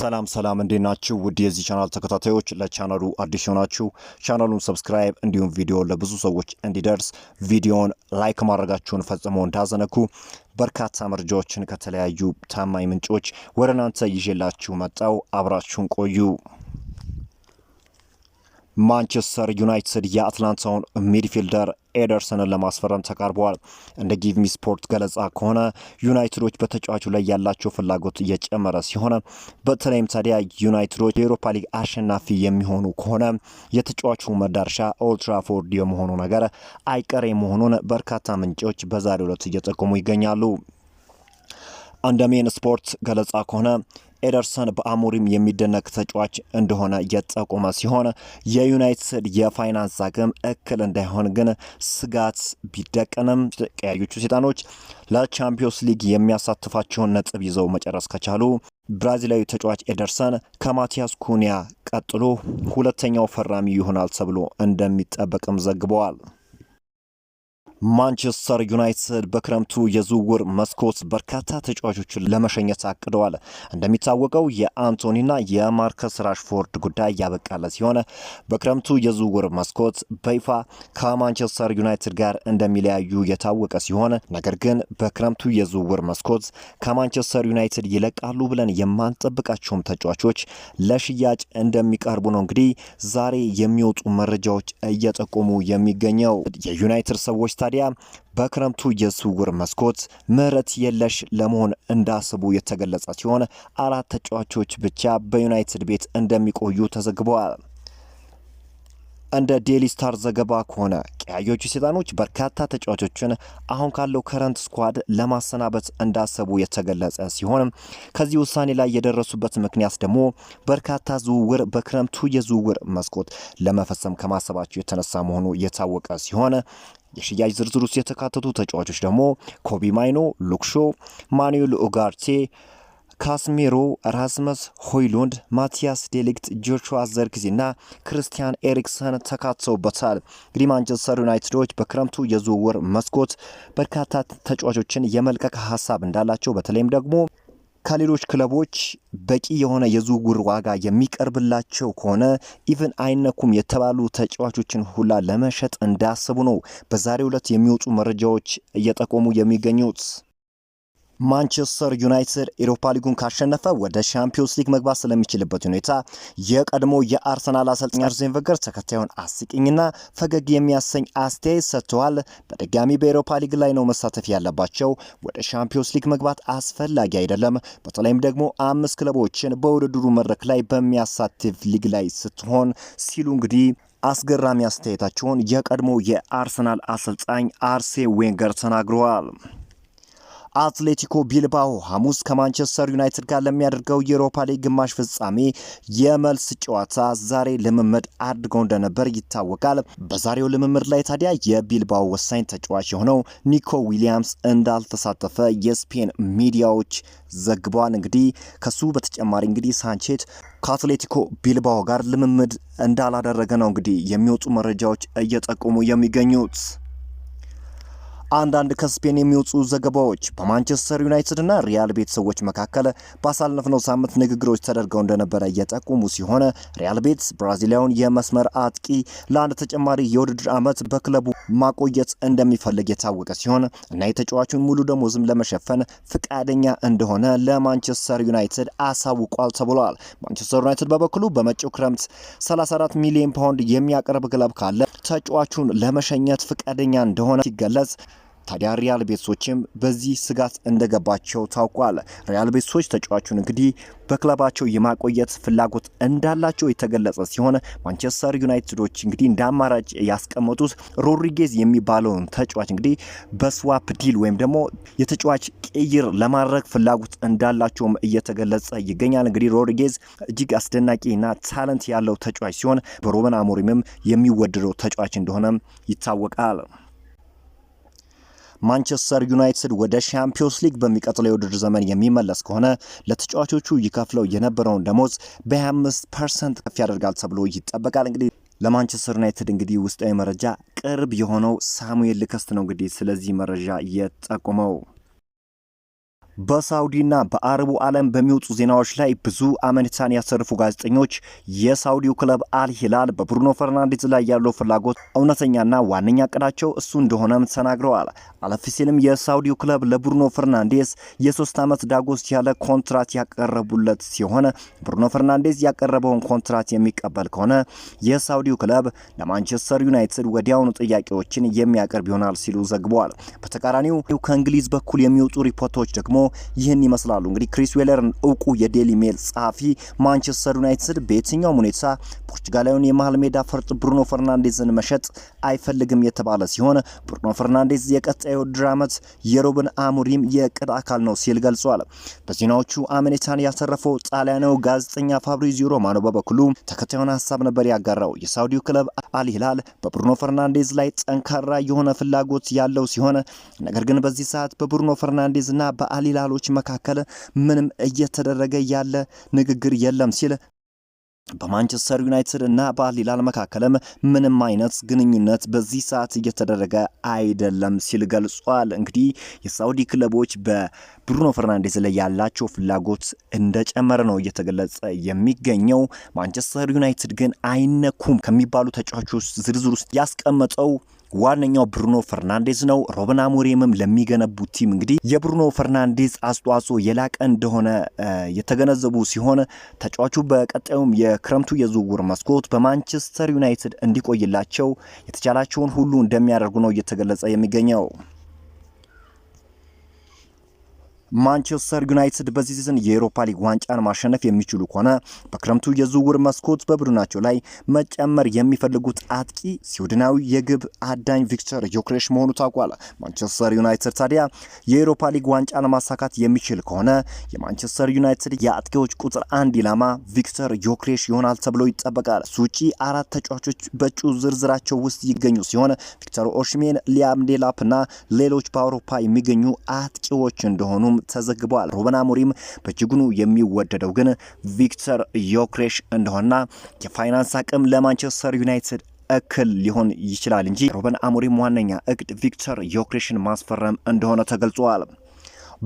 ሰላም ሰላም፣ እንዴት ናችሁ? ውድ የዚህ ቻናል ተከታታዮች፣ ለቻናሉ አዲስ የሆናችሁ ቻናሉን ሰብስክራይብ እንዲሁም ቪዲዮ ለብዙ ሰዎች እንዲደርስ ቪዲዮን ላይክ ማድረጋችሁን ፈጽሞ እንዳዘነኩ። በርካታ መረጃዎችን ከተለያዩ ታማኝ ምንጮች ወደ እናንተ ይዤላችሁ መጣው። አብራችሁን ቆዩ። ማንቸስተር ዩናይትድ የአትላንታውን ሚድፊልደር ኤደርሰንን ለማስፈረም ተቃርበዋል። እንደ ጊቭሚ ስፖርት ገለጻ ከሆነ ዩናይትዶች በተጫዋቹ ላይ ያላቸው ፍላጎት እየጨመረ ሲሆን በተለይም ታዲያ ዩናይትዶች የአውሮፓ ሊግ አሸናፊ የሚሆኑ ከሆነ የተጫዋቹ መዳረሻ ኦልትራፎርድ የመሆኑ ነገር አይቀሬ መሆኑን በርካታ ምንጮች በዛሬው ዕለት እየጠቆሙ ይገኛሉ። እንደ ሜን ስፖርት ገለጻ ከሆነ ኤደርሰን በአሞሪም የሚደነቅ ተጫዋች እንደሆነ የጠቆመ ሲሆን የዩናይትድ የፋይናንስ አቅም እክል እንዳይሆን ግን ስጋት ቢደቀንም ቀያዮቹ ሴጣኖች ለቻምፒዮንስ ሊግ የሚያሳትፋቸውን ነጥብ ይዘው መጨረስ ከቻሉ ብራዚላዊ ተጫዋች ኤደርሰን ከማቲያስ ኩኒያ ቀጥሎ ሁለተኛው ፈራሚ ይሆናል ተብሎ እንደሚጠበቅም ዘግበዋል። ማንቸስተር ዩናይትድ በክረምቱ የዝውውር መስኮት በርካታ ተጫዋቾችን ለመሸኘት አቅደዋል። እንደሚታወቀው የአንቶኒና የማርከስ ራሽፎርድ ጉዳይ ያበቃለ ሲሆን በክረምቱ የዝውውር መስኮት በይፋ ከማንቸስተር ዩናይትድ ጋር እንደሚለያዩ የታወቀ ሲሆን ነገር ግን በክረምቱ የዝውውር መስኮት ከማንቸስተር ዩናይትድ ይለቃሉ ብለን የማንጠብቃቸውም ተጫዋቾች ለሽያጭ እንደሚቀርቡ ነው እንግዲህ ዛሬ የሚወጡ መረጃዎች እየጠቆሙ የሚገኘው የዩናይትድ ሰዎች ታዲያ ታዲያ በክረምቱ የዝውውር መስኮት ምህረት የለሽ ለመሆን እንዳስቡ የተገለጸ ሲሆን አራት ተጫዋቾች ብቻ በዩናይትድ ቤት እንደሚቆዩ ተዘግበዋል። እንደ ዴሊ ስታር ዘገባ ከሆነ ቀያዮቹ ሰይጣኖች በርካታ ተጫዋቾችን አሁን ካለው ከረንት ስኳድ ለማሰናበት እንዳሰቡ የተገለጸ ሲሆን ከዚህ ውሳኔ ላይ የደረሱበት ምክንያት ደግሞ በርካታ ዝውውር በክረምቱ የዝውውር መስኮት ለመፈጸም ከማሰባቸው የተነሳ መሆኑ የታወቀ ሲሆን የሽያጭ ዝርዝር ውስጥ የተካተቱ ተጫዋቾች ደግሞ ኮቢ ማይኖ፣ ሉክሾ፣ ማኑኤል ኡጋርቴ፣ ካስሜሮ፣ ራስመስ ሆይሉንድ፣ ማቲያስ ዴሊክት፣ ጆሹዋ ዘርክዚ እና ክርስቲያን ኤሪክሰን ተካተውበታል። እንግዲህ ማንቸስተር ዩናይትዶች በክረምቱ የዝውውር መስኮት በርካታ ተጫዋቾችን የመልቀቅ ሀሳብ እንዳላቸው በተለይም ደግሞ ከሌሎች ክለቦች በቂ የሆነ የዝውውር ዋጋ የሚቀርብላቸው ከሆነ ኢቭን አይነኩም የተባሉ ተጫዋቾችን ሁላ ለመሸጥ እንዳያስቡ ነው በዛሬው ዕለት የሚወጡ መረጃዎች እየጠቆሙ የሚገኙት። ማንቸስተር ዩናይትድ ኤሮፓ ሊጉን ካሸነፈ ወደ ሻምፒዮንስ ሊግ መግባት ስለሚችልበት ሁኔታ የቀድሞ የአርሰናል አሰልጣኝ አርሴን ቬንገር ተከታዩን አስቂኝና ፈገግ የሚያሰኝ አስተያየት ሰጥተዋል። በድጋሚ በኤሮፓ ሊግ ላይ ነው መሳተፍ ያለባቸው። ወደ ሻምፒዮንስ ሊግ መግባት አስፈላጊ አይደለም። በተለይም ደግሞ አምስት ክለቦችን በውድድሩ መድረክ ላይ በሚያሳትፍ ሊግ ላይ ስትሆን ሲሉ እንግዲህ አስገራሚ አስተያየታቸውን የቀድሞ የአርሰናል አሰልጣኝ አርሴ ዌንገር ተናግረዋል። አትሌቲኮ ቢልባኦ ሐሙስ ከማንቸስተር ዩናይትድ ጋር ለሚያደርገው የአውሮፓ ሊግ ግማሽ ፍጻሜ የመልስ ጨዋታ ዛሬ ልምምድ አድርገው እንደነበር ይታወቃል። በዛሬው ልምምድ ላይ ታዲያ የቢልባኦ ወሳኝ ተጫዋች የሆነው ኒኮ ዊሊያምስ እንዳልተሳተፈ የስፔን ሚዲያዎች ዘግበዋል። እንግዲህ ከሱ በተጨማሪ እንግዲህ ሳንቼት ከአትሌቲኮ ቢልባኦ ጋር ልምምድ እንዳላደረገ ነው እንግዲህ የሚወጡ መረጃዎች እየጠቆሙ የሚገኙት። አንዳንድ ከስፔን የሚወጡ ዘገባዎች በማንቸስተር ዩናይትድና ሪያል ቤት ሰዎች መካከል ባሳለፍነው ሳምንት ንግግሮች ተደርገው እንደነበረ እየጠቁሙ ሲሆን ሪያል ቤት ብራዚሊያውን የመስመር አጥቂ ለአንድ ተጨማሪ የውድድር ዓመት በክለቡ ማቆየት እንደሚፈልግ የታወቀ ሲሆን እና የተጫዋቹን ሙሉ ደሞዝም ለመሸፈን ፍቃደኛ እንደሆነ ለማንቸስተር ዩናይትድ አሳውቋል ተብሏል። ማንቸስተር ዩናይትድ በበኩሉ በመጪው ክረምት 34 ሚሊዮን ፓውንድ የሚያቀርብ ክለብ ካለ ተጫዋቹን ለመሸኘት ፍቃደኛ እንደሆነ ሲገለጽ ታዲያ ሪያል ቤቶችም በዚህ ስጋት እንደገባቸው ታውቋል። ሪያል ቤቶች ተጫዋቹን እንግዲህ በክለባቸው የማቆየት ፍላጎት እንዳላቸው የተገለጸ ሲሆን ማንቸስተር ዩናይትዶች እንግዲህ እንደ አማራጭ ያስቀመጡት ሮድሪጌዝ የሚባለውን ተጫዋች እንግዲህ በስዋፕ ዲል ወይም ደግሞ የተጫዋች ቅይር ለማድረግ ፍላጎት እንዳላቸውም እየተገለጸ ይገኛል። እንግዲህ ሮድሪጌዝ እጅግ አስደናቂና ታለንት ያለው ተጫዋች ሲሆን በሮበን አሞሪምም የሚወደደው ተጫዋች እንደሆነም ይታወቃል። ማንቸስተር ዩናይትድ ወደ ሻምፒዮንስ ሊግ በሚቀጥለው የውድድር ዘመን የሚመለስ ከሆነ ለተጫዋቾቹ ይከፍለው የነበረውን ደሞዝ በ25 ፐርሰንት ከፍ ያደርጋል ተብሎ ይጠበቃል። እንግዲህ ለማንቸስተር ዩናይትድ እንግዲህ ውስጣዊ መረጃ ቅርብ የሆነው ሳሙኤል ልከስት ነው እንግዲህ ስለዚህ መረጃ የጠቁመው በሳውዲና በአረቡ ዓለም በሚወጡ ዜናዎች ላይ ብዙ አመኔታን ያሰርፉ ጋዜጠኞች የሳውዲው ክለብ አል ሂላል በብሩኖ ፈርናንዴዝ ላይ ያለው ፍላጎት እውነተኛና ዋነኛ እቅዳቸው እሱ እንደሆነም ተናግረዋል። አለፍ ሲልም የሳውዲው ክለብ ለብሩኖ ፈርናንዴዝ የሶስት ዓመት ዳጎስ ያለ ኮንትራት ያቀረቡለት ሲሆን ብሩኖ ፈርናንዴዝ ያቀረበውን ኮንትራት የሚቀበል ከሆነ የሳውዲው ክለብ ለማንቸስተር ዩናይትድ ወዲያውኑ ጥያቄዎችን የሚያቀርብ ይሆናል ሲሉ ዘግበዋል። በተቃራኒው ከእንግሊዝ በኩል የሚወጡ ሪፖርቶች ደግሞ ይህን ይመስላሉ። እንግዲህ ክሪስ ዌለርን እውቁ የዴሊ ሜል ጸሐፊ ማንቸስተር ዩናይትድ በየትኛውም ሁኔታ ፖርቹጋላዊውን የመሀል ሜዳ ፈርጥ ብሩኖ ፈርናንዴዝን መሸጥ አይፈልግም የተባለ ሲሆን ብሩኖ ፈርናንዴዝ የቀጣዩ ውድድር ዓመት የሮብን አሙሪም የቅድ አካል ነው ሲል ገልጿል። በዜናዎቹ አመኔታን ያተረፈው ጣሊያናዊ ጋዜጠኛ ፋብሪዚዮ ሮማኖ በበኩሉ ተከታዩን ሀሳብ ነበር ያጋራው። የሳውዲው ክለብ አልሂላል በብሩኖ ፈርናንዴዝ ላይ ጠንካራ የሆነ ፍላጎት ያለው ሲሆን ነገር ግን በዚህ ሰዓት በብሩኖ ፈርናንዴዝና በአሊ ሎች መካከል ምንም እየተደረገ ያለ ንግግር የለም ሲል በማንቸስተር ዩናይትድ እና በአል መካከልም ምንም አይነት ግንኙነት በዚህ ሰዓት እየተደረገ አይደለም ሲል ገልጿል። እንግዲህ የሳውዲ ክለቦች በብሩኖ ፈርናንዴዝ ላይ ያላቸው ፍላጎት እንደጨመረ ነው እየተገለጸ የሚገኘው። ማንቸስተር ዩናይትድ ግን አይነኩም ከሚባሉ ተጫዋቾች ዝርዝር ውስጥ ያስቀመጠው ዋነኛው ብሩኖ ፈርናንዴዝ ነው። ሮብን አሞሪምም ለሚገነቡት ቲም እንግዲህ የብሩኖ ፈርናንዴዝ አስተዋጽኦ የላቀ እንደሆነ የተገነዘቡ ሲሆን ተጫዋቹ በቀጣዩም የ የክረምቱ የዝውውር መስኮት በማንቸስተር ዩናይትድ እንዲቆይላቸው የተቻላቸውን ሁሉ እንደሚያደርጉ ነው እየተገለጸ የሚገኘው። ማንቸስተር ዩናይትድ በዚህ ሲዝን የኤሮፓ ሊግ ዋንጫን ማሸነፍ የሚችሉ ከሆነ በክረምቱ የዝውውር መስኮት በቡድናቸው ላይ መጨመር የሚፈልጉት አጥቂ ስዊድናዊ የግብ አዳኝ ቪክተር ዮክሬሽ መሆኑ ታውቋል። ማንቸስተር ዩናይትድ ታዲያ የኤሮፓ ሊግ ዋንጫን ማሳካት የሚችል ከሆነ የማንቸስተር ዩናይትድ የአጥቂዎች ቁጥር አንድ ኢላማ ቪክተር ዮክሬሽ ይሆናል ተብሎ ይጠበቃል። ሱጪ አራት ተጫዋቾች በእጩ ዝርዝራቸው ውስጥ ይገኙ ሲሆን ቪክተር ኦሽሜን፣ ሊያም ዴላፕና ሌሎች በአውሮፓ የሚገኙ አጥቂዎች እንደሆኑም ተዘግቧል። ሩበን አሞሪም በእጅጉኑ የሚወደደው ግን ቪክተር ዮክሬሽ እንደሆነና የፋይናንስ አቅም ለማንቸስተር ዩናይትድ እክል ሊሆን ይችላል እንጂ ሩበን አሞሪም ዋነኛ እቅድ ቪክተር ዮክሬሽን ማስፈረም እንደሆነ ተገልጿል።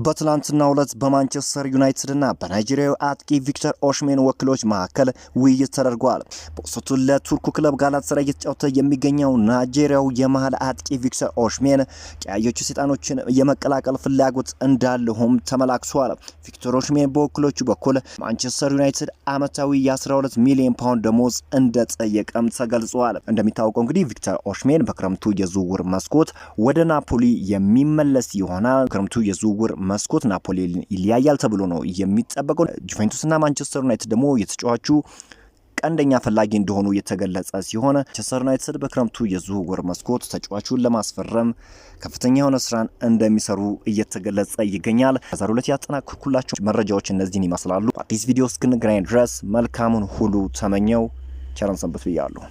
በትላንትናው ዕለት በማንቸስተር ዩናይትድና በናይጄሪያዊ አጥቂ ቪክተር ኦሽሜን ወኪሎች መካከል ውይይት ተደርጓል። በውሰቱ ለቱርኩ ክለብ ጋላታሳራይ እየተጫወተ የሚገኘው ናይጄሪያው የመሀል አጥቂ ቪክተር ኦሽሜን ቀያዮቹ ሰይጣኖችን የመቀላቀል ፍላጎት እንዳለሁም ተመላክቷል። ቪክተር ኦሽሜን በወኪሎቹ በኩል ማንቸስተር ዩናይትድ አመታዊ የ12 ሚሊዮን ፓውንድ ደሞዝ እንደጠየቀም ተገልጿል። እንደሚታወቀው እንግዲህ ቪክተር ኦሽሜን በክረምቱ የዝውውር መስኮት ወደ ናፖሊ የሚመለስ ይሆናል። ክረምቱ የዝውውር መስኮት ናፖሊ ይለያያል ተብሎ ነው የሚጠበቀው። ጁቬንቱስና ማንቸስተር ዩናይትድ ደግሞ የተጫዋቹ ቀንደኛ ፈላጊ እንደሆኑ የተገለጸ ሲሆን ማንቸስተር ዩናይትድ በክረምቱ የዝውውር መስኮት ተጫዋቹን ለማስፈረም ከፍተኛ የሆነ ስራን እንደሚሰሩ እየተገለጸ ይገኛል። ከዛሬ ሁለት ያጠናቀቅኩላቸው መረጃዎች እነዚህን ይመስላሉ። አዲስ ቪዲዮ እስክንገናኝ ድረስ መልካሙን ሁሉ ተመኘው። ቸረን ሰንብት ብያለሁ።